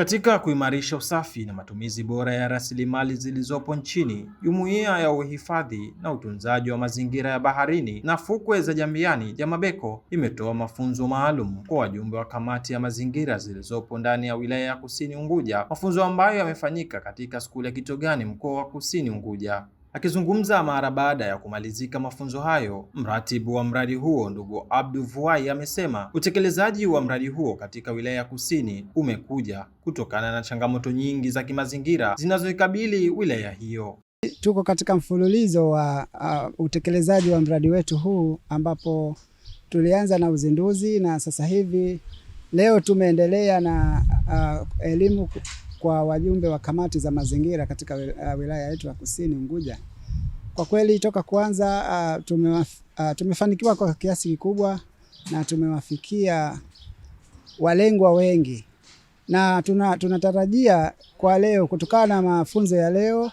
Katika kuimarisha usafi na matumizi bora ya rasilimali zilizopo nchini, Jumuiya ya Uhifadhi na Utunzaji wa Mazingira ya Baharini na Fukwe za Jambiani JAMABECO imetoa mafunzo maalum kwa wajumbe wa kamati ya mazingira zilizopo ndani ya wilaya ya Kusini Unguja, mafunzo ambayo yamefanyika katika skuli ya Kitogani, mkoa wa Kusini Unguja. Akizungumza mara baada ya kumalizika mafunzo hayo, mratibu wa mradi huo ndugu Abdu Vuai amesema utekelezaji wa mradi huo katika wilaya ya Kusini umekuja kutokana na changamoto nyingi za kimazingira zinazoikabili wilaya hiyo. Tuko katika mfululizo wa uh, utekelezaji wa mradi wetu huu ambapo tulianza na uzinduzi na sasa hivi leo tumeendelea na uh, elimu kwa wajumbe wa kamati za mazingira katika uh, wilaya yetu ya Kusini Unguja. Kwa kweli toka kwanza uh, tume, uh, tumefanikiwa kwa kiasi kikubwa na tumewafikia walengwa wengi na tuna, tunatarajia kwa leo kutokana na mafunzo ya leo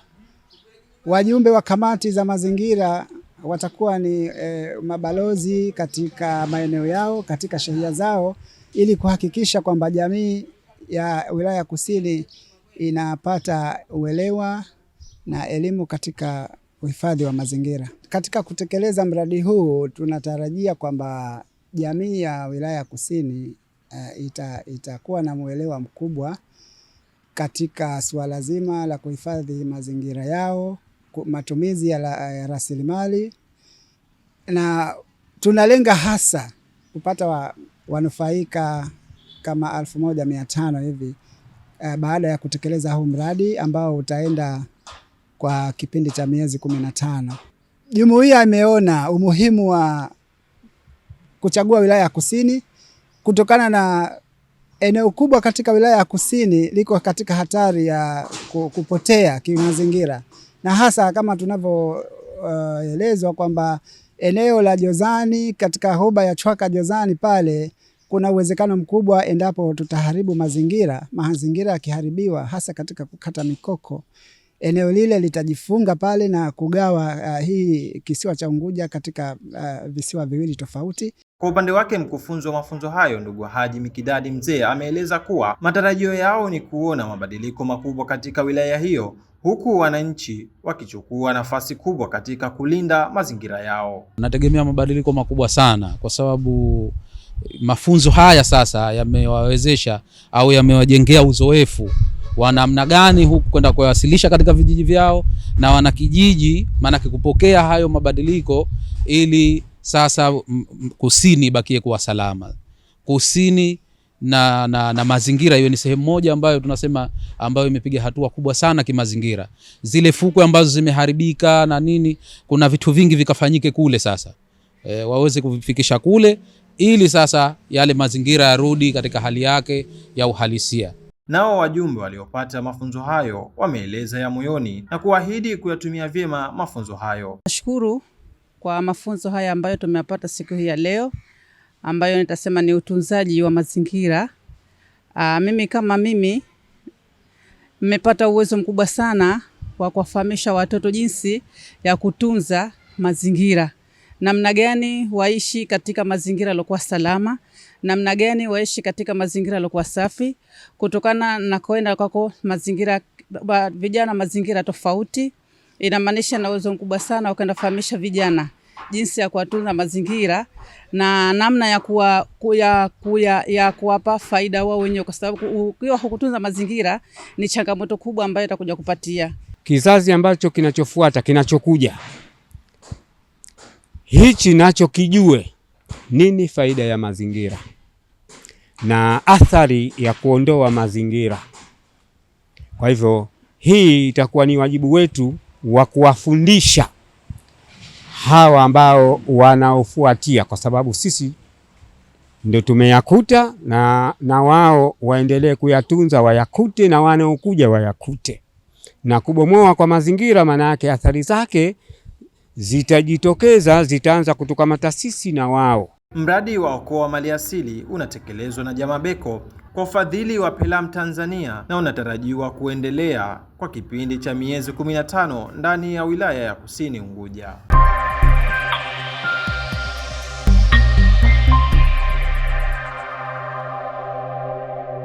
wajumbe wa kamati za mazingira watakuwa ni e, mabalozi katika maeneo yao katika shehia zao ili kuhakikisha kwamba jamii ya wilaya ya Kusini inapata uelewa na elimu katika uhifadhi wa mazingira. Katika kutekeleza mradi huu tunatarajia kwamba jamii ya wilaya ya Kusini uh, ita, itakuwa na mwelewa mkubwa katika suala zima la kuhifadhi mazingira yao, matumizi ya, la, ya rasilimali na tunalenga hasa kupata wa, wanufaika kama elfu moja mia tano hivi uh, baada ya kutekeleza huu mradi ambao utaenda kwa kipindi cha miezi kumi na tano. Jumuiya imeona umuhimu wa kuchagua wilaya ya Kusini kutokana na eneo kubwa katika wilaya ya Kusini liko katika hatari ya kupotea kimazingira, na hasa kama tunavyoelezwa eh, uh, kwamba eneo la Jozani katika hoba ya Chwaka Jozani pale kuna uwezekano mkubwa endapo tutaharibu mazingira, mazingira yakiharibiwa, hasa katika kukata mikoko, eneo lile litajifunga pale na kugawa uh, hii kisiwa cha Unguja katika uh, visiwa viwili tofauti. Kwa upande wake mkufunzi wa mafunzo hayo ndugu Haji Mikidadi Mzee ameeleza kuwa matarajio yao ni kuona mabadiliko makubwa katika wilaya hiyo, huku wananchi wakichukua nafasi kubwa katika kulinda mazingira yao. Nategemea mabadiliko makubwa sana kwa sababu mafunzo haya sasa yamewawezesha au yamewajengea uzoefu wa namna gani huku kwenda kuwasilisha katika vijiji vyao na wanakijiji, maana kikupokea hayo mabadiliko ili sasa kusini ibakie kuwa salama kusini na, na, na mazingira hiyo ni sehemu moja ambayo tunasema ambayo imepiga hatua kubwa sana kimazingira. Zile fukwe ambazo zimeharibika na nini, kuna vitu vingi vikafanyike kule sasa e, waweze kufikisha kule ili sasa yale mazingira yarudi katika hali yake ya uhalisia. Nao wajumbe waliopata mafunzo hayo wameeleza ya moyoni na kuahidi kuyatumia vyema mafunzo hayo. Nashukuru kwa mafunzo haya ambayo tumeyapata siku hii ya leo, ambayo nitasema ni utunzaji wa mazingira. Aa, ah, mimi kama mimi mmepata uwezo mkubwa sana wa kuwafahamisha watoto jinsi ya kutunza mazingira namna gani waishi katika mazingira yaliokuwa salama, namna gani waishi katika mazingira yaliokuwa safi, kutokana na kwenda kwako mazingira vijana, mazingira tofauti, inamaanisha na uwezo mkubwa sana ukaenda fahamisha vijana jinsi ya kuwatunza mazingira na namna ya kuwa, kuya, kuya, ya kuwapa faida wao wenyewe, kwa sababu ukiwa hukutunza mazingira ni changamoto kubwa ambayo itakuja kupatia kizazi ambacho kinachofuata kinachokuja hichi nacho kijue nini faida ya mazingira na athari ya kuondoa mazingira. Kwa hivyo hii itakuwa ni wajibu wetu wa kuwafundisha hawa ambao wanaofuatia, kwa sababu sisi ndio tumeyakuta na, na wao waendelee kuyatunza wayakute, na wanaokuja wayakute. Na kubomoa kwa mazingira maana yake athari zake zitajitokeza, zitaanza kutoka matasisi na wao. Mradi wa okoa wa maliasili unatekelezwa na Jamabeko kwa ufadhili wa Pelam Tanzania na unatarajiwa kuendelea kwa kipindi cha miezi 15 ndani ya wilaya ya Kusini Unguja.